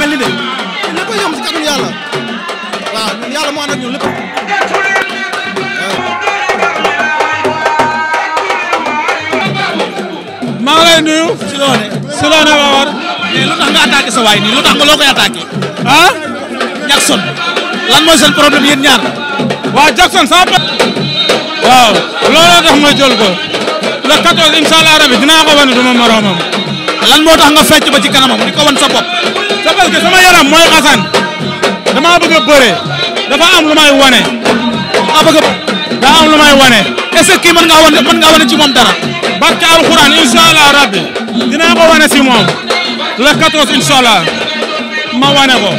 mel ni de lépp yomb si kàddu yàlla waaw ñun yàlla moo ànd ak ñun lépp. maa ngi lay nuyu. si loone si loone ba war. mais lu tax nga attaqué sa waay nii lu tax nga loo koy attaqué. ah. Jackson. lan mooy seen problème yéen ñaar. waa Jackson sama. waaw looloo tax ma jël ko. le 14 incha allah rabi dinaa ko wane du ma moroomam. lan moo tax nga fecc ba ci kanamam di ko wan sa bopp. c'est parce que sama yaram mooy xasan damaa bëgg a bëre dafa am lu may wane damaa bëgg daa am lu may wane est-ce que kii wane mën ngaa wane ci moom dara. barke alxuraan incha allah rabbi dinaa ko wane si moom le 14 incha ma wane ko.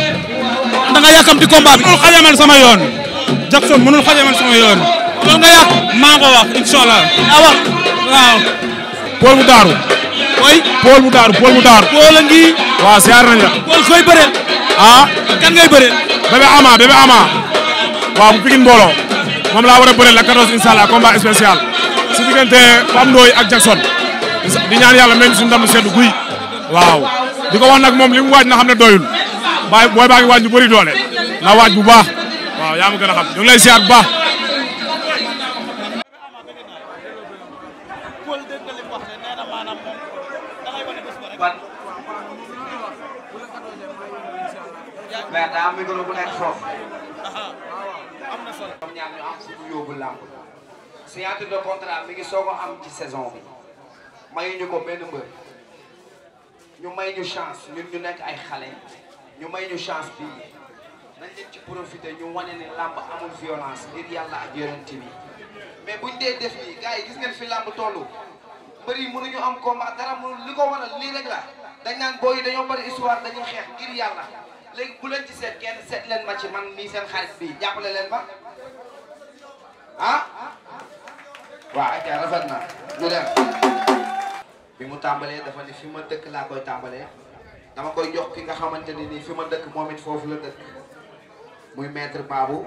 da nga yàkkamti combat bi. mënul xajamal sama yoon Jackson mënul xajamal sama yoon. loolu nga yàq maa ko wax incha a wax waaw. Paul bu daaru. mooy. Paul mu daaru Paul mu daaru. Paul a ngi. waaw siyaar nañ la. Paul koy bëreel. ah. kan ngay bëreel. bébé Ama bébé Ama. waaw bu Pikine mbooloo. moom laa war a la 14 incha allah combat spécial. si diggante Pape Ndoye ak Jackson. di ñaan yàlla même suñu seddu guy. waaw di ko nag moom li mu waaj na xam ne doyul. bàyyi booy baa ngi waaj ñu bëri doole. na waaj bu baax. yaa ma gën a xam lay siyaar bu baax. làmb bi gën a bu nekk foofu. am na solo. ñoom ñaar ñu am suñu yóbbu làmb. signature de contrat mi ngi soog a am ci saison bi. mayuñu ko benn mbër. ñu may ñu chance ñun ñu nekk ay xale. ñu may ñu chance fii nañ leen ci profité ñu wane ne làmb amul violence ngir yàlla ak yonent bi. mais buñ dee def nii gars yi gis ngeen fi làmb tollu. mbër yi mënuñu am combat dara mënu li ko waral lii rek la. dañ naan booy dañoo bari histoire dañuy xeex ngir yàlla. léegi bu leen ci seet kenn seet ma ci man mii seen xarit bi jàppale leen ma ah waaw aka rafet na ñu dem bi mu tàmbalee dafa ni fi ma dëkk laa koy tàmbalee dama koy jox ki nga xamante ni nii fi ma dëkk moom it foofu la dëkk muy maître Babou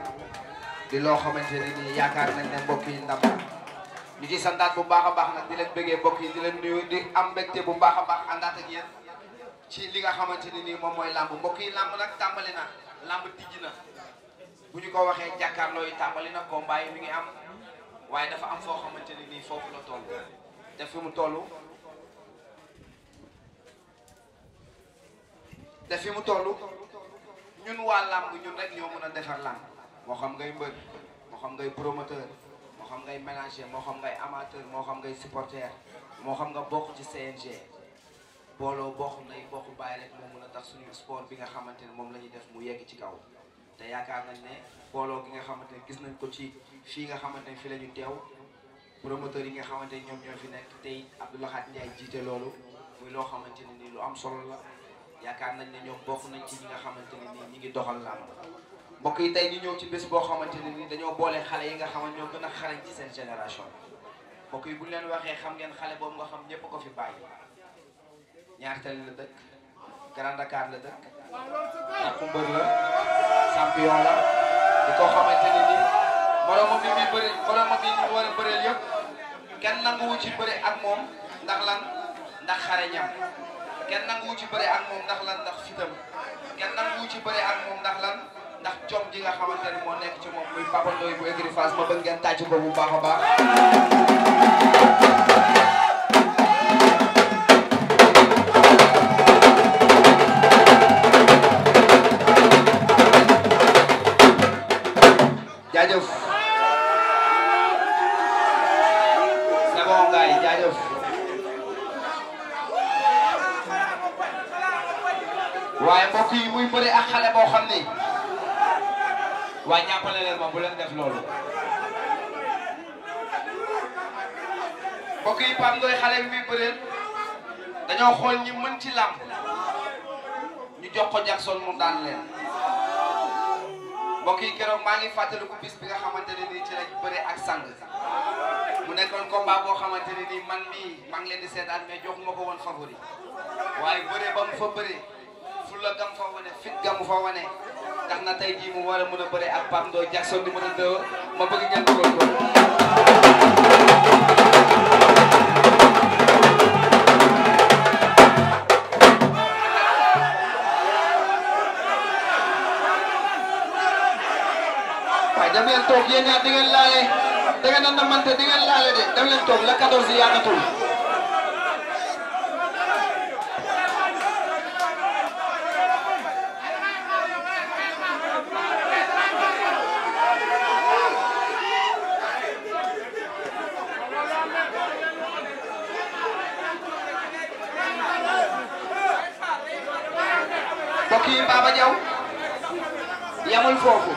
di loo xamante ni nii yaakaar nañ ne mbokk yi ndam ñu ci sandaat bu baax a baax nag di leen bëggee mbokk yi di leen nuyu di am mbégte bu baax a baax àndaat ak yéen ci li nga xamante ne nii moom mooy làmb mbokk yi làmb nag tàmbali na làmb tijji na bu ñu ko waxee jàkkaarloo tàmbali na combat yi mi ngi am waaye dafa am foo xamante ne nii foofu la toll def fi mu tollu te fi mu toll ñun waa làmb ñun rek ñoo mën a defar làmb moo xam ngay mbër moo xam ngay promoteur moo xam ngay ménager moo xam ngay amateur moo xam ngay supporter moo xam nga bokk ci CNG booloo bokk nay bokk bàyyi rek moo mën tax suñu sport bi nga xamante ne moom la ñuy def mu yegg ci kaw te yaakaar nañ ne booloo gi nga xamante ne gis nañ ko ci fii nga xamante ne fi la ñu teew promoteurs yi nga xamante ñoom ñoo fi nekk tey Abdou Lahad Ndiaye jiite loolu muy loo xamante ne nii lu am solo la yaakaar nañ ne ñoom bokk nañ ci ñi nga xamante ne nii ñi ngi doxal làmb mbokk yi tey ñu ñëw ci bés boo xamante ne nii dañoo boole xale yi nga xamante ñoo gën a xarañ ci seen génération mbokk yi bu ñu leen waxee xam ngeen xale boobu nga xam ñëpp ko fi bàyyi ñaar la dëkk Grand Dakar la dëkk takku mbër la champion la di ko xamante ne nii moromam yi muy bëri moromam yi ñu war a yëpp kenn nanguwu ci bëri ak moom ndax lan ndax xareñam kenn nanguwu ci bëri ak moom ndax lan ndax fitam kenn nanguwu ci bëri ak moom ndax lan ndax jom ji nga xamante ne nekk ci moom muy Papa Ndoye bu écurie Fass ma bëgg ngeen tàcc ko bu baax a baax ma bu leen def loolu mbokk yi Pape xale bi muy bëreel dañoo xool ñi mën ci làmb ñu jox ko Jackson mu daan leen mbokk yi keroog maa ngi fàttaliku bis bi nga xamante ne nii ci lañ bëre ak sang mu nekkoon ko boo xamante ne nii man mii maa leen di seetaan mais jox ko woon favori waaye bëre ba mu fa bëree fulla gam fa wane fit gam fa wane ndax na tey jii mu war a mën a bëre ak Pape Ndoye Jackson di mën a dëw ma bëgg ngeen dugal ko waaye dem leen toog yéen ñaar di ngeen laale da ngeen a namante di ngeen laale de dem leen toog la 14 yaanatul kii Baba Diaw yamul foofu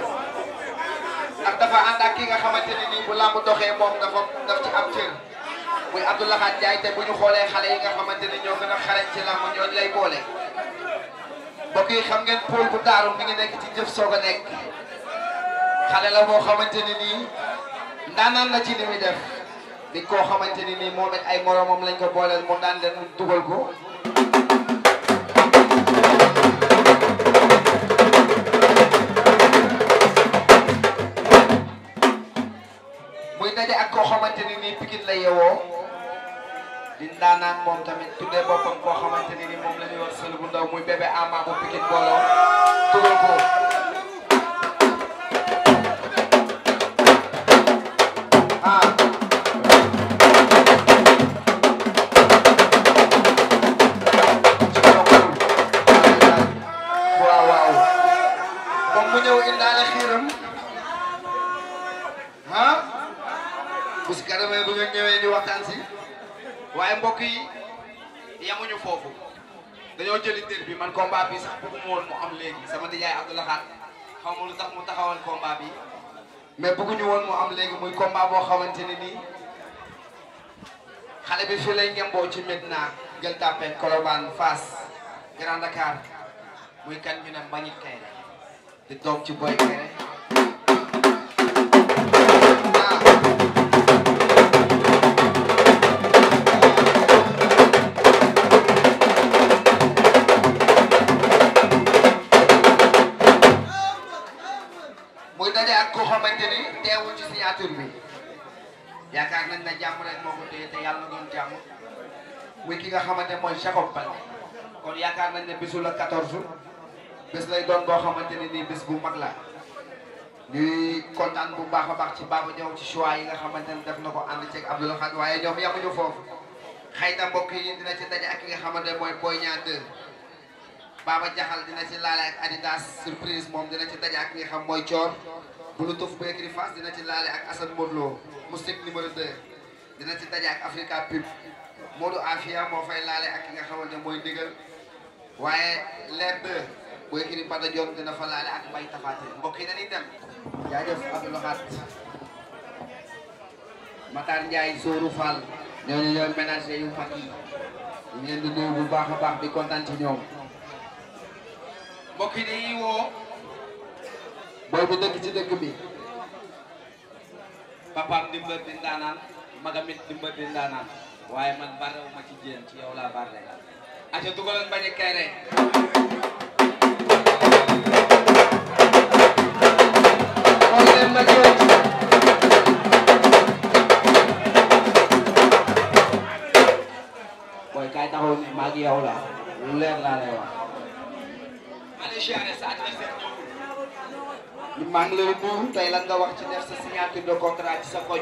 ndax dafa ànd ak ki nga xamante ni nii bu làmb doxee moom dafa daf ci am cër muy Abdoulaye Khat Ndiaye te bu ñu xoolee xale yi nga xamante ni ñoo gën a xarañ ci làmb ñooñu lay boole. mbokk yi xam ngeen pool bu daaru mi ngi nekk ci jëf soog a nekk xale la boo xamante ni nii ndaanaan na ci li muy def di koo xamante ni nii moom it ay moromam lañ ko booleel moom daan leen dugal ko. koo xamante ni nii Pikine la yeewoo di ndaanaan moom tamit tuddee boppam koo xamante ni nii moom la ñuy wax ndaw muy bébé ama bu Pikine booloo tugal ko boo xamante ne nii xale bi fii lay ngemboo ci Medina Gueule Tapée Colobane fas Grand Dakar muy kan ñu ne Mbagnick Kaïré di doom ci Boy Kaïré yàlla doon jàmm muy ki nga xamante mooy Jacob Baldé kon yaakaar nañ ne bisu la 14 bés lay doon boo xamante ne nii bés bu mag la ñuy kontaan bu baax a baax ci Baba Diaw ci choix yi nga xamante ne def na ko ànd ceeg Abdoulaye Khane waaye ñoom yemuñu foofu xëy na mbokk yi dina ci daje ak ki nga xamante mooy Boy Niang 2 Baba Jaxal dina ci laale ak Adidas surprise moom dina ci daje ak ki nga xam mooy Coor Bouloutouf bu écrit face dina ci laale ak Assane Modlo moustique numéro dina ci daje ak Africa Pub Modou Afia moo fay laale ak ki nga xamante ne mooy ndigal waaye les deux booy kii di Bada dina fa laale ak Mbaye Tafaté mbokk yi dañuy dem jaajëf Abdou Lahat Matar Ndiaye Sooru Fall ñooñu ñooy ménager yu mag a baax di kontaan ci ñoom mbokk yi woo booy bu dëkk ci dëkk bi papaam dimbal di ndaanaan magamit dimba di waaye man barewu ma ci jéem ci yow laa bare aca dugalan bañ a kere booy kaay taxaw ni maa ngi yow la lu leer laa lay wax maa ngi lay nuyu tey lan nga wax ci def sa signature de contrat ci sa koñ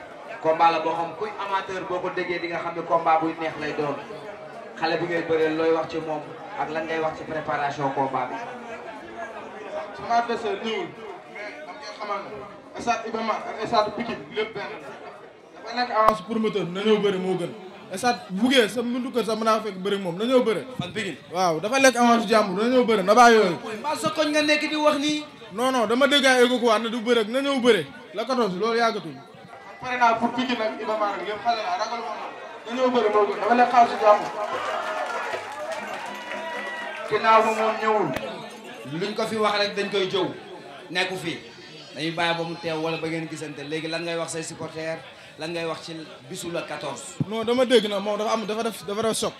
combat la boo xam kuy amateur boo ko déggee di nga xam ne combat buy neex lay doon xale bi ngay bëreel looy wax ci moom ak lan ngay wax ci préparation combat bi. sama adversaire ñëwul mais dama koy xamal ne stade Iba Mar ak stade Pikine lépp benn la dafa nekk avance promoteur bi na ñëw bëri moo gën stade bu buggee sa mbundu kër sax mën naa fekk bëri moom na ñëw bëri. fan Pikine waaw dafa lekk avance jàmm na ñëw bëri na baa yooyu. mbaa sa koñ nga nekk di wax nii. non non dama dégg ay égo quoi na du bëri na ñëw bëri la 14 loolu yàggatul. pare naa pour tijji nag ma moom dañoo bëri moo gën dama lay xaar si jàmm. ñëwul. luñ ko fi wax rek dañ koy jëw nekku fii dañuy bàyyi ba mu teew wala ba ngeen gisante léegi lan ngay wax say supporters lan ngay wax ci bisu la 14. non dama dégg na moom dafa am dafa def dafa def choc.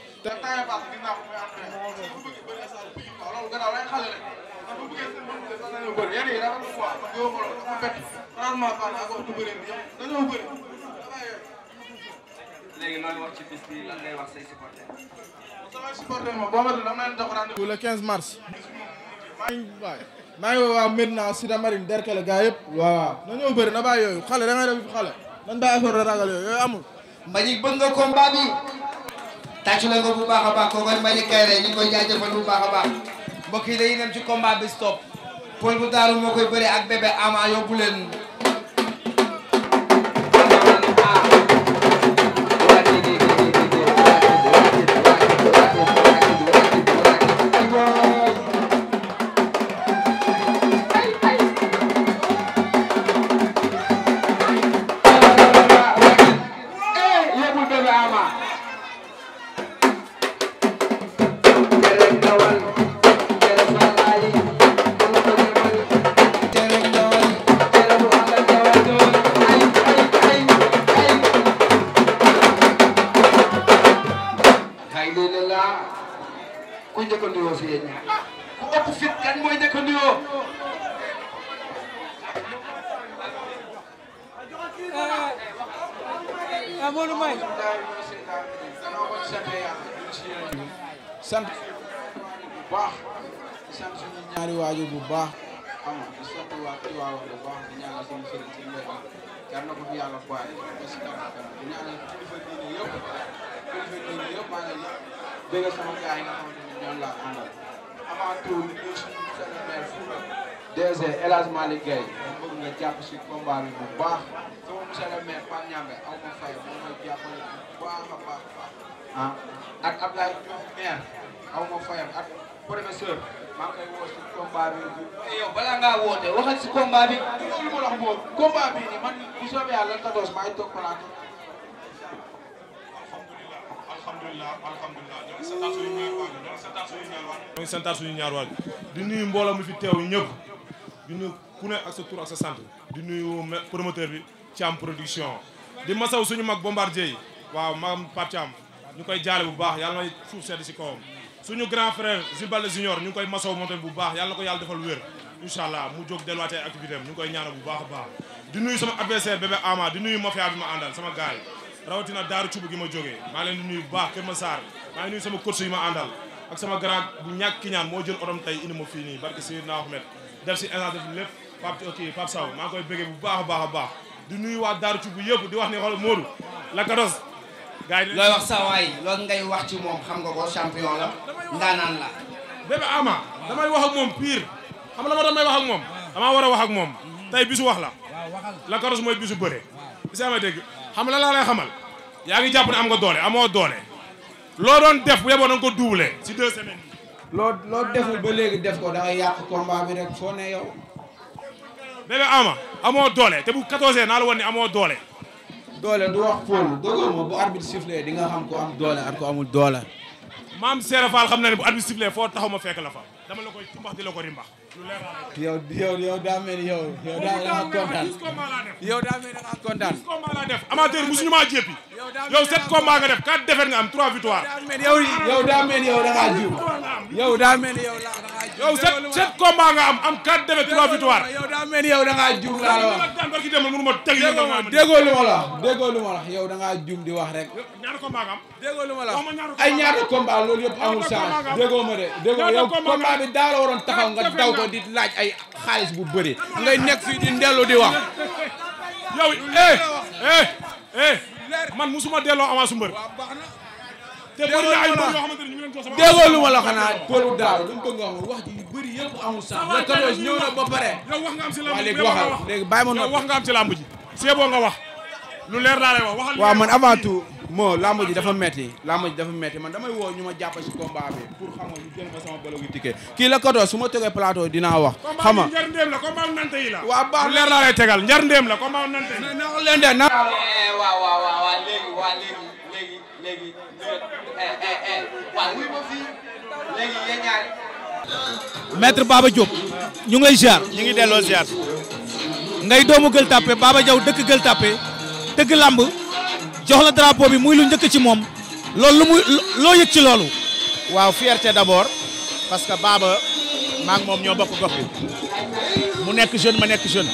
bëri yéen yi daa am quoi man yow mars. maa Sida Marine Derkele gaa yëpp waaw dañoo bëri na bàyyi yooyu xale da ngay def xale dañ bàyyi affaire de ragal yooyu yooyu amul. Mbagnick bëgg nga combat bi. tàccu la ko bu baax a baax kooku ak Mbagnick Kaïré ñu ngi koy jaajëfal bu baax a mbokk yi dañuy dem ci combat bi stop Paul bu Daaru moo koy bëre ak bébé ama yóbbu leen laa ilaaha illallaah ku njëkk a nuyoo si yéen ñaar ku ëpp fit kan mooy njëkk a nuyoo amoon ah, ah, may sant bu baax sant suñu ñaari waajur bu baax xam nga di sant waa Tiwaawan bu baax di ñaanal suñu sëriñ si mbéy mi yàlla na ko fi yàlla boole di ñaanal kilifa diine yëpp yëpp maa ngi bëgg sama gars yi nga xamante ni ñoom laa àndal avant tout ñu ngi suñu seen maire Fouta DG El Hadj Malick Gueye ñu bëgg nga jàpp si combat bi bu baax sama monsieur le maire Pape Niambe aw ma fay moom mooy jàppale bu baax a baax ah ak Abdoulaye Diouf maire aw ma fayam ak professeur maa ngi koy woo si combat bi bu eh yow balaa ngaa woote waxal si combat bi loolu ma wax moom combat bi ni man bu soobee yàlla 14 maa ngi toog plateau alhamdulilah alhamdulilah ñoo ngi ñaar waaju di nuyu mbooloo mu fi teew ñëpp di nuyu ku ne ak sa tur ak sa sant di nuyu promoteur bi Thiam production di masaw suñu mag bombardier yi waaw magam Pape Thiam ñu koy jaale bu baax yàlla na suuf sedd si kawam suñu grand frère Zilbal Junior ñu koy masaw moom bu baax yàlla na ko yàlla defal wér incha allah mu jóg delluwaat ay activité ñu koy ñaanal bu baax baax di nuyu sama adversaire bébé Ama di nuyu mafia bi ma àndal sama gars yi rawatina daaru cubu gi ma jógee maa leen di nuyu bu baax Kër Massar maa ngi nuyu sama course yi ma àndal ak sama grand bu ñàkk ki ñaan moo jël otom tey indi ma fii nii barke Seydina Ahmed def si instant def lépp Pape ok maa koy bëggee bu baax a baax baax di nuyu waa daaru cubu yëpp di wax ni xool Modou lakados gars yi looy wax sa waay loolu ngay wax ci moom xam nga ko champion la ndaanaan la bébé Ama damay wax ak moom pire xam la ma damay wax ak moom damaa war a wax ak moom tey bisu wax la lakados mooy bi si amee dégg xam la laa lay xamal yaa ngi jàpp ne am nga doole amoo doole loo doon def bu yeboo na nga ko doublé si deux semaines loo loo deful ba léegi def ko da ngay yàq combat bi rek foo ne yow bébé ama amoo doole te bu 14 naa la woon amoo doole doole du wax pool dëgg bu arbitre sifflé di nga xam ko am doole ak ko amul doole maam Serap Fall xam na ne foo taxaw ma fekk la fa dama la koy tumbax di la ko rimbax yow yow yow daa mel ni yow yow daa mel ni da nga kontaan yow daa mel ni da nga kontaan. amateur musuñu maa jéppi. yow sept combat nga def quatre défaites nga am trois victoires. yow daa mel ni yow da ngaa jiw yow daa mel ni yow la. yow sept sept combat nga am am quatre défaites trois victoires. yow daa ni yow da ngaa juum wax. déggoo lu ma la wax déggoo lu ma la wax yow da ngaa di wax rek. ñaata combat nga am. déggoo lu ma la wax ay ñaata combat loolu yëpp amul chance déggoo ma de déggoo yow combat bi daa la waroon taxaw nga daw ko di laaj ay xaalis bu bëri. ngay nekk fii di ndellu di wax. yow eh eh eh man musuma delloo avance su mbër. déggoo lu ma la déggoo lu ma a xanaa toolu daaru mu wax wax ji yu bëri yëpp amul sax la ñëw na ba pare. yow wax nga am si lamb ma noonu wax nga am si lamb ji. seeboo nga wax lu leer daa lay wax waxal. waaw man avant tout moo lamb dafa metti lamb ji dafa metti man damay woo ñu ma jàpp si combat bi pour xam kii la su ma tegee plateau dinaa wax. xam nga combat a njar ndéem la combat la. waaw baax lu leer daa tegal njar la combat bu nante yi. na maître Baba Diop ñu ngi lay ziar. ñu ngi delloo ziar. ngay doomu Gueule Tapée Baba Diaw dëkk Gueule Tapée tëgg làmb jox la drapeau bi muy lu njëkk ci moom lool lu loo yëg ci loolu. waaw fierté d'abord parce que Baba maa ngi moom ñoo bokk gox bi mu nekk jeune ma nekk jeune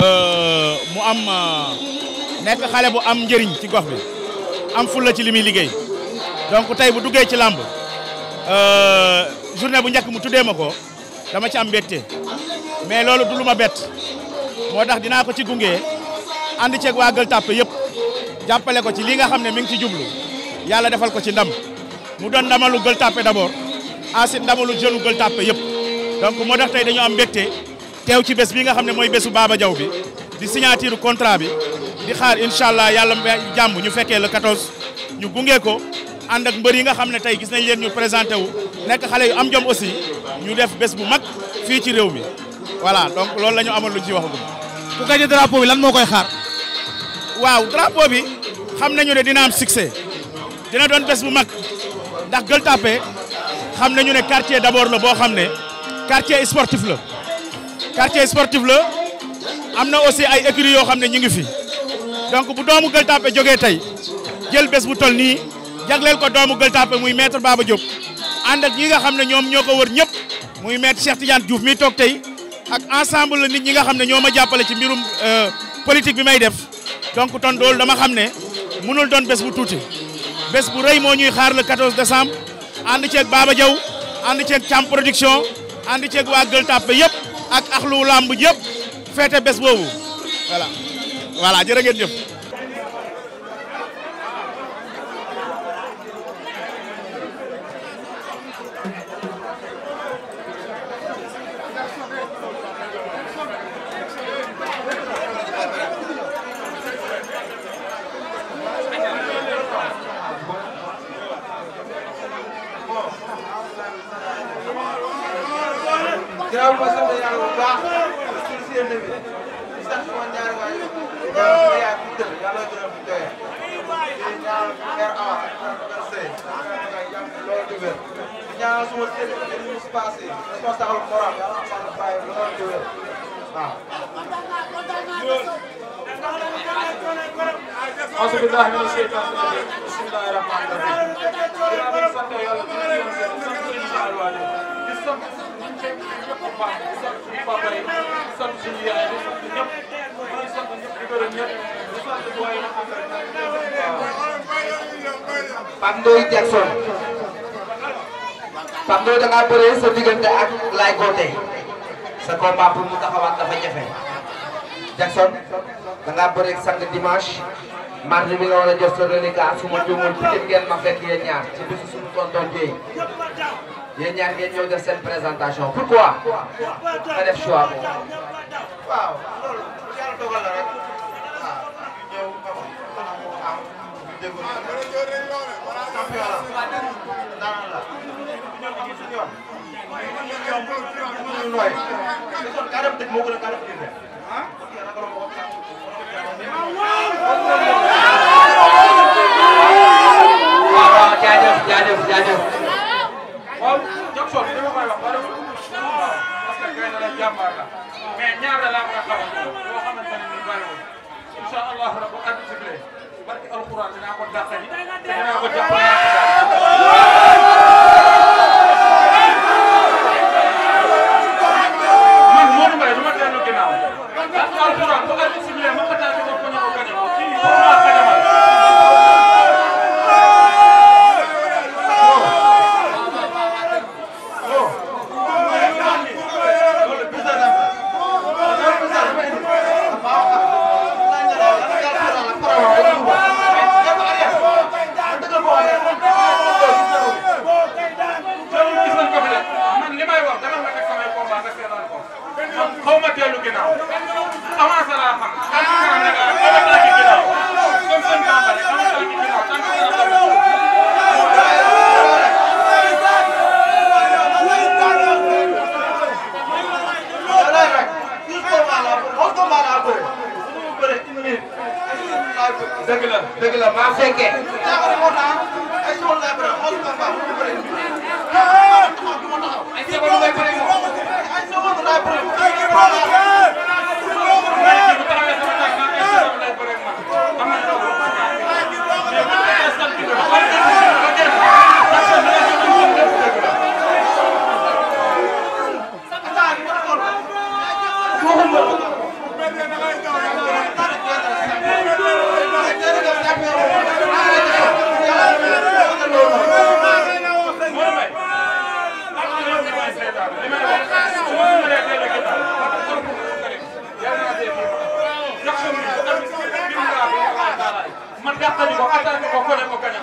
euh, mu am nekk xale bu am njëriñ ci gox bi am fulla ci li muy liggéey. donc tey bu duggee ci làmb euh, journée bu njëkk mu tuddee ma ko dama ci am mbégte mais loolu du lu ma bett moo tax dinaa ko ci gunge ànd ceeg waa Gueule Tapée yëpp jàppale ko ci lii nga xam ne mi ngi ci jublu yàlla defal ko ci ndam mu doon ndamalu Gueule Tapée d'abord ensuite ndamalu jeune Gueule tàpp yëpp donc moo tax tey dañu am mbégte teew ci bes bi nga xam ne mooy bésu Baba Diaw bi di signature contrat bi di xaar incha allah yàlla jàmm ñu fekkee la 14 ñu gunge ko. ànd ak mbër yi nga xam ne tey gis nañ leen ñu présenté wu nekk xale yu am jom aussi ñu def bés bu mag fii ci réew mi voilà donc loolu la amoon lu ciy waxagum. ku gañe drapeau bi lan moo koy xaar. waaw drapeau bi xam nañu ne dina am dina doon bés bu mag ndax Gueule Tapée xam nañu ne quartier d'abord la boo xam ne quartier sportif la quartier sportif la am na aussi ay écuries yoo xam ne ñu ngi fi donc bu doomu Gueule Tapée jógee tey jël bés bu tol nii. jagleel ko doomu Gueule Tapée muy maître Baba Diop ànd ak ñi nga xam ne ñoom ñoo ko wër ñëpp muy maître Cheikh Tidiane Diouf mi toog tey ak ensemble la nit ñi nga xam ne ñoo ma jàppale ci mbirum euh, politique bi may def donc ton doolu dama xam ne mënul doon bés bu tuuti bes bu rey moo ñuy xaar le 14 décembre ànd ceeg Baba Diaw ànd ceeg Thiam production ànd ceeg waa Gueule Tapée yëpp ak axlu làmb yëpp feete bes boobu voilà voilà jërë ngeen jëf sant sama ñaari waay yi ñaanal yaay bu tëdd yàlla gërëm bu tooyee di ñaanal mère Awa mère Seye loolu di wér di ñaanal suma sëriñ di ñu passé responsable moral yàlla amal bàyyi loolu di wér waaw. أعوذ بالله من الشيطان الرجيم بسم الله الرحمن الرحيم Pape Ndoye Jackson Pape Ndoye da ngaa bëree sa diggante ak Laye Gothé sa combat mu taxawaat dafa jafe Jackson da ngaa bëree sang dimanche mardi bi nga war a jël sa reliquat su ma juumul peut-être ngeen ma fekk yéen ñaar ci bisu suñu yéen ñaar ngeen ñëw def seen présentation pourquoi nga def choix boobu. waaw loolu yàlla dogal la rek waaw ñu ñëw nga ko ah ñu déggoo la. jaajëf jaajëf jaajëf incha allah rabu arbitre bi barki alxuraan dinaa ko dàqali dinaa ko jàppale dëgg la dëgg la maa fekkee. Thank you. man dàqali ko attaqué ko ko ne ko kañ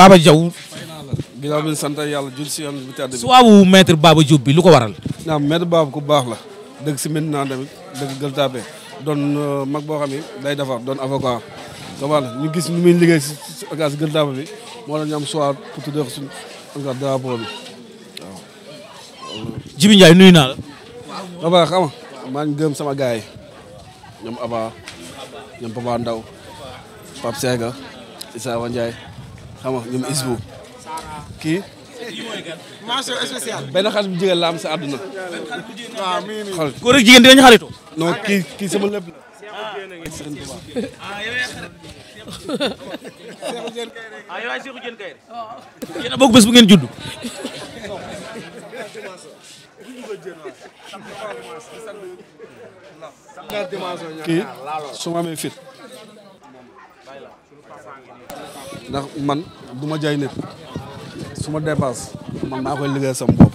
Baba Diaw. ginnaaw bi sant yàlla jul si yoon bu tedd bi. suwaabu maître Baba Diop bi lu ko waral. naam maître Baba ku baax la dëgg si maintenant tamit dëgg Gueule Tapée doon euh, mag boo xam ne day defar doon avocat damaa ñu gis ñu muy liggéey si si moo doon ñu am soir pour tuddee ko suñu encore drapeau Jibi Ndiaye nuyu naa la. dafa xam nga sama gars yi ñoom Aba ñoom Papa Ndaw Pape Sega Issa Ndiaye. xam nga ñoom isbu kii. benn xarit bu jigéen la am àdduna. waaw mi jigéen dinañu xaritoo. non kii kii sama ah, ngeen judd. ndax man du ma jaay nit su ma dépasse man maa koy liggéey sama bopp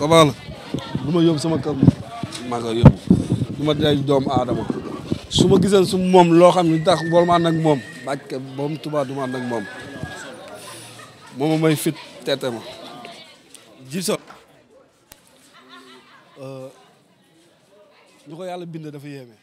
comment la du ma yóbbu sama kër maa koy yóbbu ma jaay doomu aadama su ma giseen su moom loo xam ne tax bool ma ànd moom bàjke boom tubaab du ma ànd ak moom mooma may fit tete ma Djibson euh, ñu ko yàlla bind dafa yéeme